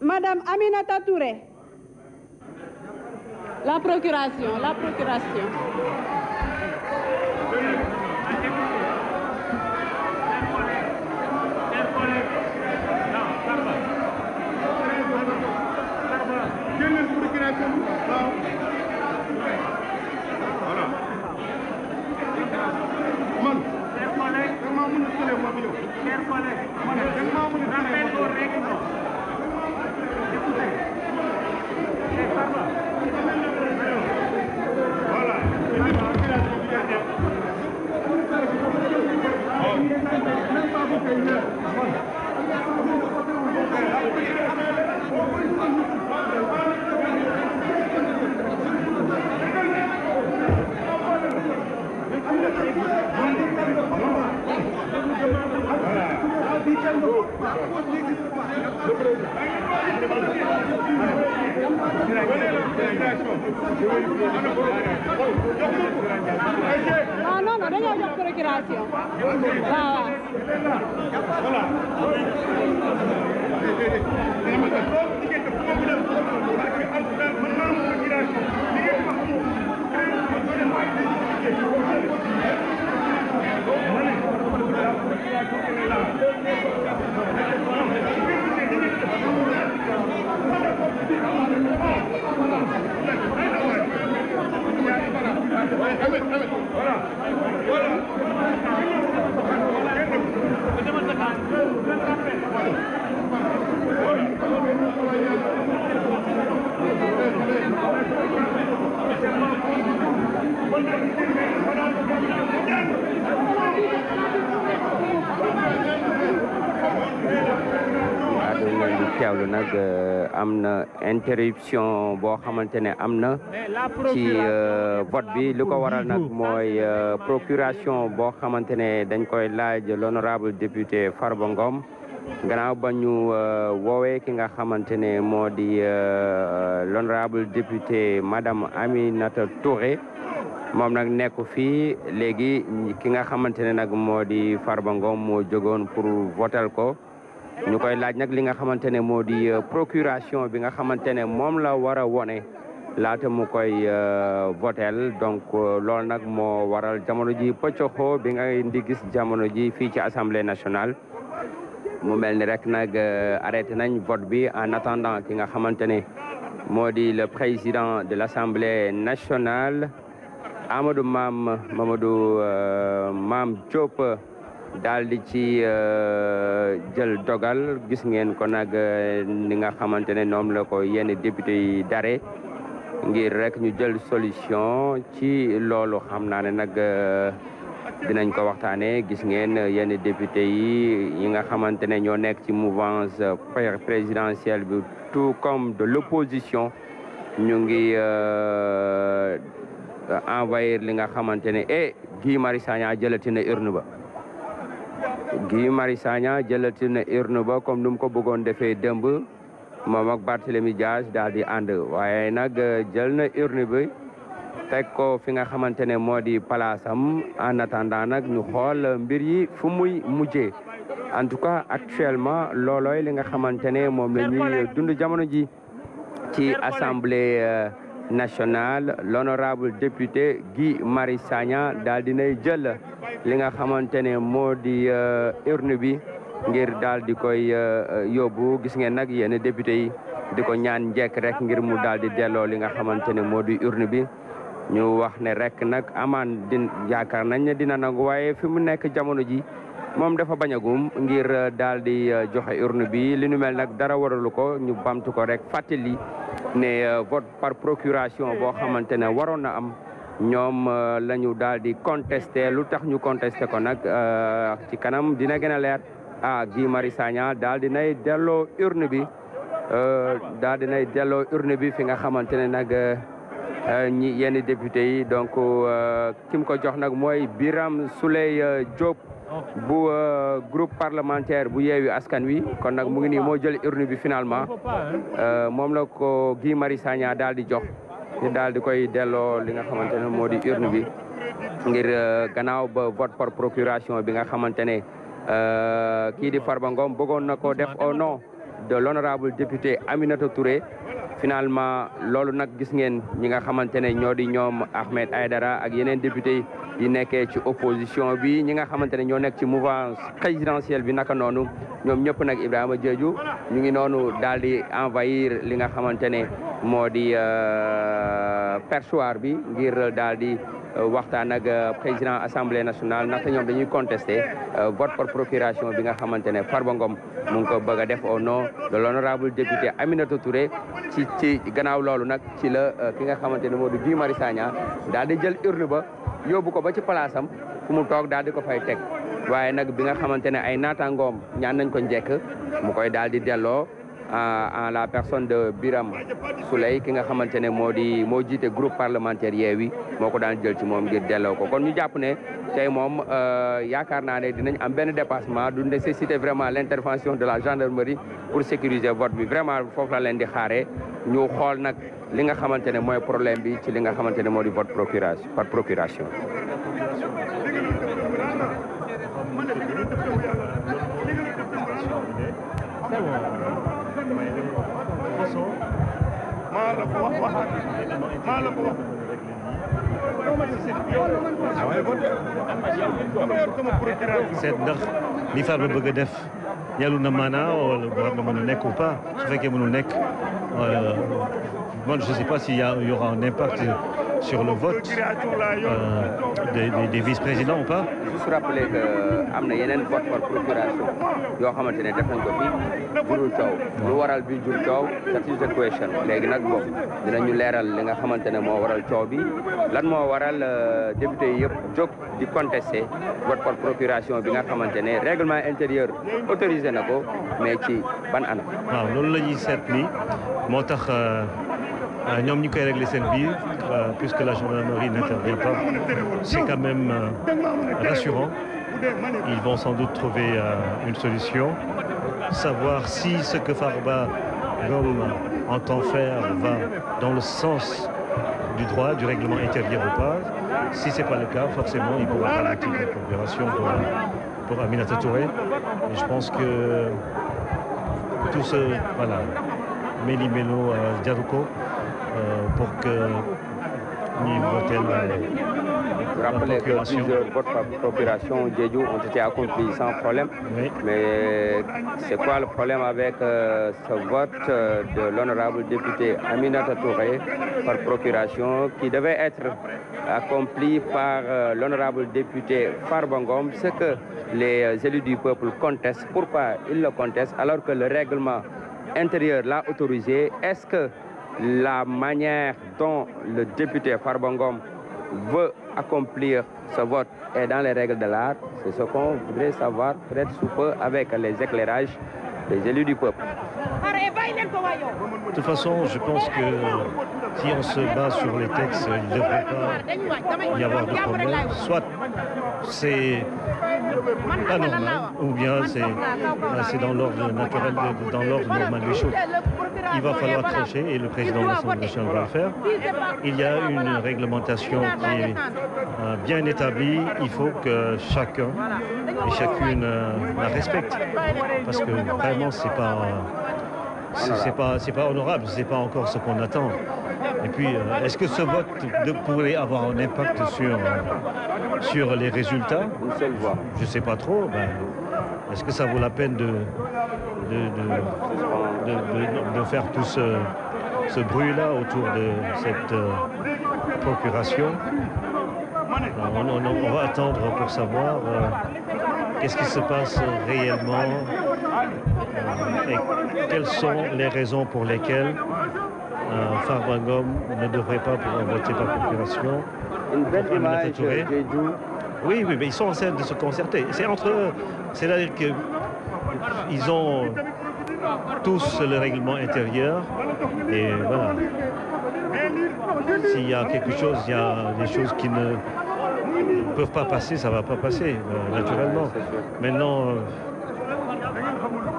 Madame Aminata Touré. La procuration, la procuration. non non non dañoo jox procuration oh. waaw waaw waaw dañ leen di teewlu nag euh, am na interruption boo xamante ne am na ci euh, vote bi li ko waral nag mooy euh, procuration boo xamante ne dañ koy laaj l'honorable député Farba Ngom ganaaw ba ñu woowee ki nga xamante ne moo di l'honorable député madame Aminata Touré moom nag nekku fii léegi ki nga xamante ne nag moo di Farba Ngom moo jógoon pour votel ko ñu koy laaj nag li nga xamante ne moo di euh, procuration bi nga xamante ne moom la war a wone laata mu koy euh, votel donc euh, loolu nag moo waral jamono ji pëccoxoo bi nga di gis jamono ji fii ci assemblée nationale mu mel ni rek nag arrêté nañ vote bi en attendant ki nga xamante ne moo di le président de l' assemblée nationale Amadou Maam Mamadou euh, Maam Diop daal di ci euh, jël dogal gis ngeen ko nag ni nga xamante ne noom la ko yenn député yi dare ngir rek ñu jël solution ci loolu xam naa ne nag euh, dinañ ko waxtaanee gis ngeen yenn député yi yi nga xamante ne ñoo nekk ci mouvance présidentielle bi tout comme de l'opposition ñu ngi envahir li nga xamante ne eh Guy Marius Sagna jëlati na urne ba Guy Marius Sagna jëlati na urne ba comme nu mu ko bëggoon defee dëmb moom ak Barthélemy Diaz daal di ànd waaye nag euh, jël na urne bi teg ko fi nga xamante ne moo di palaasam en attendant nag ñu xool mbir yi fu muy mujjee en tout cas actuellement loolooy li nga xamante ne moom ñuy dund jamono ji ci assemblée euh, nationale l'honorable député Guy Marie Sagna daal dinay jël li nga xamante ne moo di euh, urne bi ngir daal di koy euh, yóbbu gis ngeen nag yéen député yi di ko ñaan njekk rek ngir mu daal di delloo li nga xamante ne moo di urne bi ñu wax ne rek nag amaan di yaakaar nañ ne dina nangu waaye fi mu nekk jamono ji moom dafa bañ ngir euh, daal di euh, joxe urne bi li nu mel nag dara waralu ko ñu bamtu ko rek fàttali ne euh, vote par procuration boo xamante ne waroon na am ñoom la ñu daal di contesté lu tax ñu contesté ko nag ci kanam dina gën a leer ah Guy Marius daal di nay delloo urne bi daal di nay delloo urne bi fi nga xamante ne nag ñi yenn député yi donc kim ko jox nag mooy Birame Souleye Diop. bu euh, groupe parlementaire bu yeewi askan wi kon nag mu ngi nii moo jël urne bi finalement euh, moom la ko Guy Marius Sagna daal di jox daal di koy delloo li nga xamante ne moo di urne bi ngir euh, gannaaw ba vote par procuration bi nga xamante ne kii di Farba Ngom bëggoon na ko def au nom de l'honorable député Aminata Touré finalement loolu nag gis ngeen ñi nga xamante ne ñoo di ñoom Ahmed Aydara ak yeneen député yi yi nekkee ci opposition bi ñi nga xamante ne ñoo nekk ci mouvance présidentielle bi naka noonu ñoom ñëpp nag Ibrahima jeeju ñu ngi noonu daal di envahir li nga xamante ne moo di euh, perchoir bi ngir daal di euh, waxtaan ak euh, président assemblée nationale ndaxte ñoom dañuy contester vote par procuration bi nga xamante ne Farba Ngom mu ngi ko bëgg a def au nom de l'honorable député Aminata Touré ci ci gannaaw loolu nag ci la ki nga xamante ne moo di Guy Marius Sagna di jël urne yóbbu ko ba ci palaasam fu mu toog daal di ko fay teg waaye nag bi nga xamante ne ay naataangoom ñaan nañ ko njekk mu koy daal di delloo en la personne de Biram Souley ki nga xamante ne moo di moo jiite groupe parlementaire Yewwi moo ko daan jël ci moom ngir delloo ko kon ñu jàpp ne moom moom euh, yaakaar naa ne dinañ am benn dépassement du nécessité vraiment l'intervention de la gendarmerie pour sécuriser vote bi vraiment foofu la leen di xaare ñu xool nag li nga xamante ne mooy problème bi ci li nga xamante ne moo di vote procuration par procuration maa la ko wax seet ndax li Farba bëgg a def yàllu na maanaa wala war na mën a nekk ou pas su fekkee mënul nekk euh, man je sais pas s'il y aura un impact sur le vote euh, des, des, vice-présidents pas Juste rappeler que euh, am na yeneen vote par procuration yoo xamante ne def nañ ko fi jurul coow lu waral bi jur coow that is question léegi nag dina ñu leeral li nga xamante ne moo waral coow bi lan moo waral euh, député yi yëpp jóg di contester vote par procuration bi nga xamante ne règlement intérieur autorisé na ko mais ci ban anam waaw loolu la ñuy seet ni moo tax euh, ñoom ñu koy régler seen biir euh, puisque la gendarmerie n'intervient pas, c'est quand même euh, rassurant. Ils vont sans doute trouver euh, une solution. Savoir si ce que Farba Gom entend faire va dans le sens du droit, du règlement intérieur ou pas. Si ce n'est pas le cas, forcément, il pourra faire un type de procuration pour, pour Aminata Touré. Et je pense que tout ce... Voilà. Méli Melo euh, Diaruko, euh, pour que ñuy voté rappeler que plusieurs votes par procuration Diédhiou ont été accomplis sans problème. Mais c'est quoi le problème avec euh, ce vote euh, de l'honorable député Aminata Touré par procuration qui devait être accompli par euh, l'honorable député Farbangom, ce que les euh, élus du peuple contestent. Pourquoi ils le contestent alors que le règlement intérieur l'a autorisé Est-ce que la manière dont le député Farbangom veut accomplir ce vote est dans les règles de l'art. C'est ce qu'on voudrait savoir peut sous peu avec les éclairages des élus du peuple. Soit c'est pas normal, ou bien c'est dans l'ordre naturel, dans l'ordre normal il va falloir trancher et le président de l'Assemblée nationale va le faire. Il y a une réglementation qui est euh, bien établie. Il faut que chacun et chacune euh, la respecte. Parce que vraiment, c'est pas c'est pas, pas honorable, c'est pas encore ce qu'on attend. Et puis, euh, est-ce que ce vote de, pourrait avoir un impact sur, sur les résultats Je ne sais pas trop. Ben, Est-ce que ça vaut la peine de, de, de, de faire tout ce, ce bruit-là autour de cette euh, procuration euh, on, on, on, va attendre pour savoir euh, qu'est-ce qui se passe réellement euh, et quelles sont les raisons pour lesquelles euh, Farbangom ne devrait pas pouvoir voter par procuration. Une belle image, Touré. Oui, oui, mais ils sont en train de se concerter. C'est entre eux. C'est-à-dire qu'ils ont tous le règlement intérieur. Et voilà. S'il y a quelque chose, il y a des choses qui ne peuvent pas passer, ça ne va pas passer, euh, naturellement. Maintenant, euh,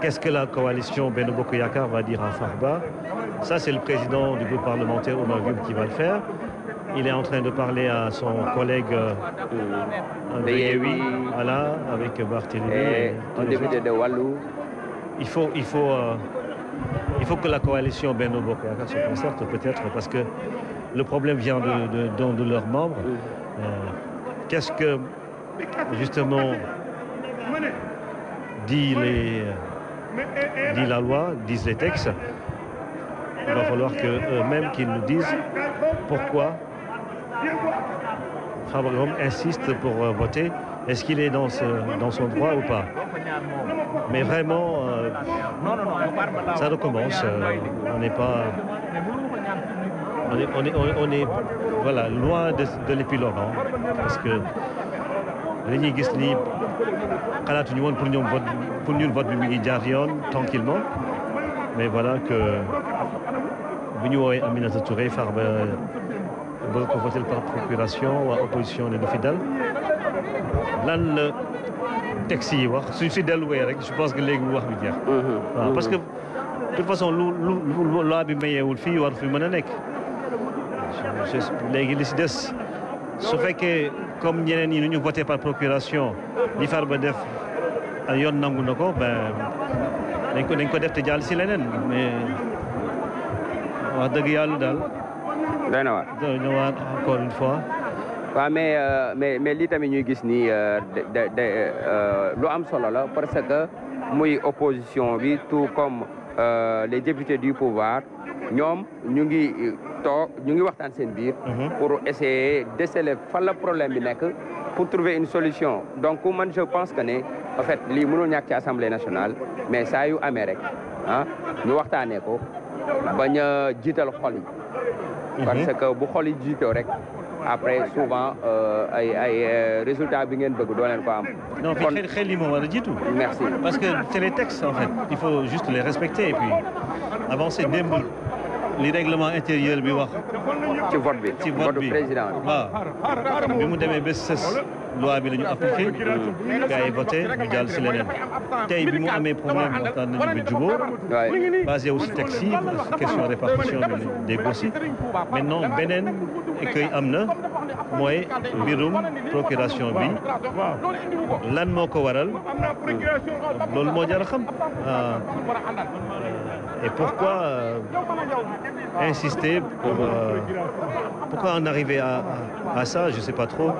qu'est-ce que la coalition Benobo-Koyakar va dire à Farba Ça, c'est le président du groupe parlementaire Omar Youb qui va le faire. il est en train de parler à son collègue de Yewwi, voilà, avec Barthélémy. Et un député de Wallu. Il faut, il faut, euh, il faut que la coalition Benno Bokk Yakaar se concerte peut-être parce que le problème vient de, de, de leurs membres. Euh, qu'est-ce que justement dit les euh, dit la loi, disent les textes. Il va falloir que eux-mêmes qu'ils nous disent pourquoi Fabrehom insiste pour euh, voter. Est-ce qu'il est dans, ce, dans son droit ou pas Mais vraiment, euh, ça recommence. Euh, on n'est pas... On est, on est, on est, voilà, loin de, de l'épilogue. Hein, parce que li ñuy gis nii xalaatuñu woon pour ñoom vote pour ñun vote bi mu ngi jaar yoon tranquillement mais voilà que bu ñu woowee Aminata Touré Farba ba ko voté par procuration waa opposition ne du fi dal lan la texte yi wax suñ fi delluwee rek je pense que léegi wax bi jeex mhm. waaw parce que de toute façon lu lu loi bi mayeewul fii war fi mën a nekk léegi li si des su fekkee comme ñeneen yi nu ñu voté par procuration li far ba def yoon nangu na ko ben dañ ko dañ ko def te jàll si leneen mais wax dëgg yàlla daal doy na waar doy na waar encore euh, mais mais lii tamit ñuy gis nii euh, euh, lu am solo la parce que muy opposition bi tout comme les députés du pouvoir ñoom ñu ngi toog ñu ngi waxtaan seen biir. Mhm. pour essayer déceler fan la problème bi nekk pour trouver une solution donc man je pense que ne en fait lii mënul ñàkk ci assemblée nationale mais saa yu amee rek ah ñu waxtaanee ko bañ a jiital xol yi. Mm-hmm. parce que bu xol après souvent euh, ay euh, résultat bi ngeen bëgg doo leen non mais xel yi moo war a jiitu. merci parce que c'est les textes en fait juste les respecter et puis avancer démb li règlement intérieur bi wax. ci vote bi ci vote bi loi bi la ñu appliqué gars yi tey bi mu amee problème waxtaan nañu ba jubóo basé wu si texte de question répartition des gosses yi maintenant beneen écueil am na mooy mbirum procuration bi lan moo ko waral ah, loolu moo jar a xam ah. et pourquoi ah, euh, insister pour euh, pourquoi en arriver à à je sais pas trop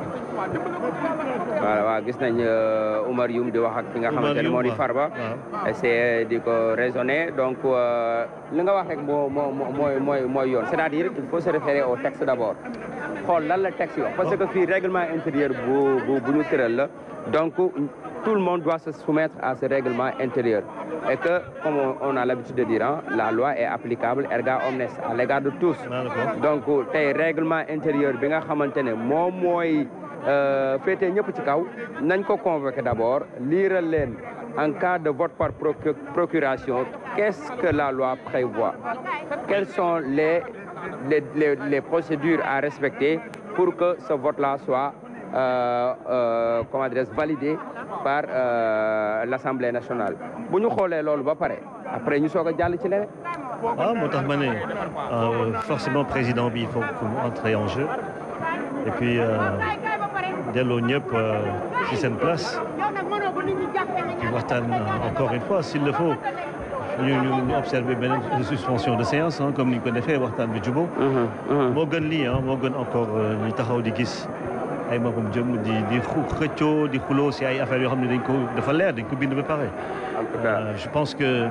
voilà waaw gis nañ euh, Oumar Youm di wax ak ki nga xamante ne moo di Farba essayer euh, di ko raisonner donc euh, li nga wax rek moo moo mooy mooy yoon c'est-à-dire il faut se référer au texte d'abord xool lan la texte wax parce que fii règlement intérieur bu bu bu la donc tout le monde doit se soumettre à ce règlement intérieur et que comme on a l'habitude de dire la loi est applicable erga omnes à l'égard de tous donc tey règlement intérieur bi nga xamante ne moom mooy Euh, féete ñëpp ci kaw nañ ko convoqué d'abord liiral leen en cas de vote par procuration qu'est-ce que la loi prévoit quelles sont les les les, les procédures à respecter pour que ce vote-là soit Euh, euh, comment dirais-je validé par euh, l'Assemblée nationale bu ñu xoolee loolu ba pare après ñu soog a jàll ci leneen. waaw ah, tax ma ne euh, forcément président bi il faut que mu entre en jeu et puis. Euh, delloo ñëpp ci euh, seen place ci waxtaan encore une fois s'il le faut ñu ñu observer beneen suspension de séance comme ni ñu ko waxtaan bi jubo moo gën lii moo gën encore euh, ñu taxaw di gis ay magum jëm di di xëccoo di xuloo si ay affaires yoo xam ne dañ ko dafa leer de ko bind ba pare euh, je pense que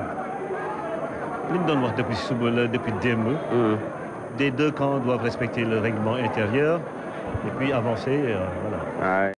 li ñu wax depuis suba la deux camps doivent respecter le règlement intérieur et puis avancer. Euh, voilà. Ouais.